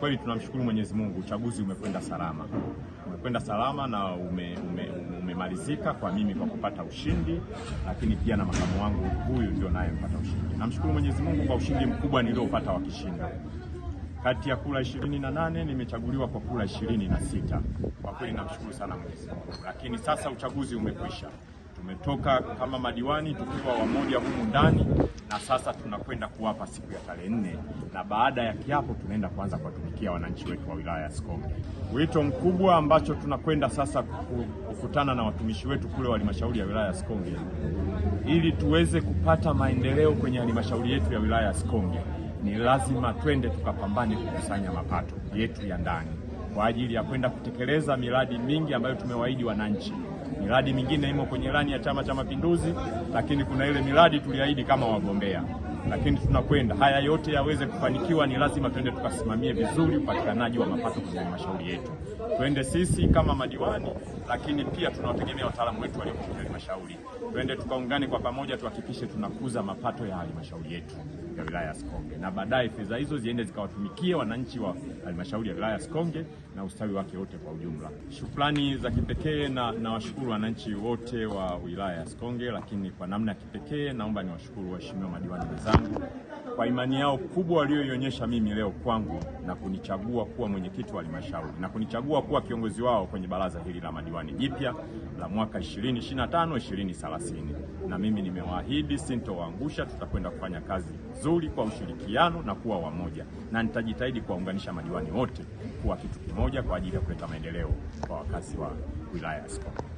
kweli tunamshukuru Mwenyezi Mungu, uchaguzi umekwenda salama, umekwenda salama na umemalizika ume, ume kwa mimi kwa kupata ushindi, lakini pia na makamu wangu huyu ndio naye mpata ushindi. Namshukuru Mwenyezi Mungu kwa ushindi mkubwa niliopata wa kishindo kati ya kura ishirini na nane nimechaguliwa kwa kura ishirini na sita. Kwa kweli namshukuru sana Mwenyezi Mungu, lakini sasa uchaguzi umekwisha tumetoka kama madiwani tukiwa wamoja humu ndani, na sasa tunakwenda kuwapa siku ya tarehe nne, na baada ya kiapo tunaenda kuanza kuwatumikia wananchi wetu wa wilaya ya Sikonge. Wito mkubwa ambacho tunakwenda sasa kukutana na watumishi wetu kule wa halmashauri ya wilaya ya Sikonge ili tuweze kupata maendeleo kwenye halmashauri yetu ya wilaya ya Sikonge, ni lazima twende tukapambane kukusanya mapato yetu ya ndani kwa ajili ya kwenda kutekeleza miradi mingi ambayo tumewaahidi wananchi. Miradi mingine imo kwenye ilani ya Chama cha Mapinduzi, lakini kuna ile miradi tuliahidi kama wagombea lakini tunakwenda haya yote yaweze kufanikiwa, ni lazima tuende tukasimamie vizuri upatikanaji wa mapato kwenye halmashauri yetu, twende sisi kama madiwani, lakini pia tunawategemea wataalamu wetu walioko kwenye halmashauri. Tuende tukaungane kwa pamoja, tuhakikishe tunakuza mapato ya halmashauri yetu ya wilaya ya Sikonge, na baadaye fedha hizo ziende zikawatumikie wananchi wa halmashauri ya wilaya ya Sikonge na ustawi wake wote kwa ujumla. Shukrani za kipekee na nawashukuru wananchi wote wa wilaya ya Sikonge, lakini kwa namna ya kipekee naomba niwashukuru waheshimiwa madiwani wenzangu zangu kwa imani yao kubwa walioionyesha mimi leo kwangu na kunichagua kuwa mwenyekiti wa halmashauri na kunichagua kuwa kiongozi wao kwenye baraza hili la madiwani jipya la mwaka 2025 2030. Na mimi nimewaahidi sintowaangusha, tutakwenda kufanya kazi nzuri kwa ushirikiano na kuwa wamoja, na nitajitahidi kuwaunganisha madiwani wote kuwa kitu kimoja kwa ajili ya kuleta maendeleo kwa wakazi wa wilaya ya Sikonge.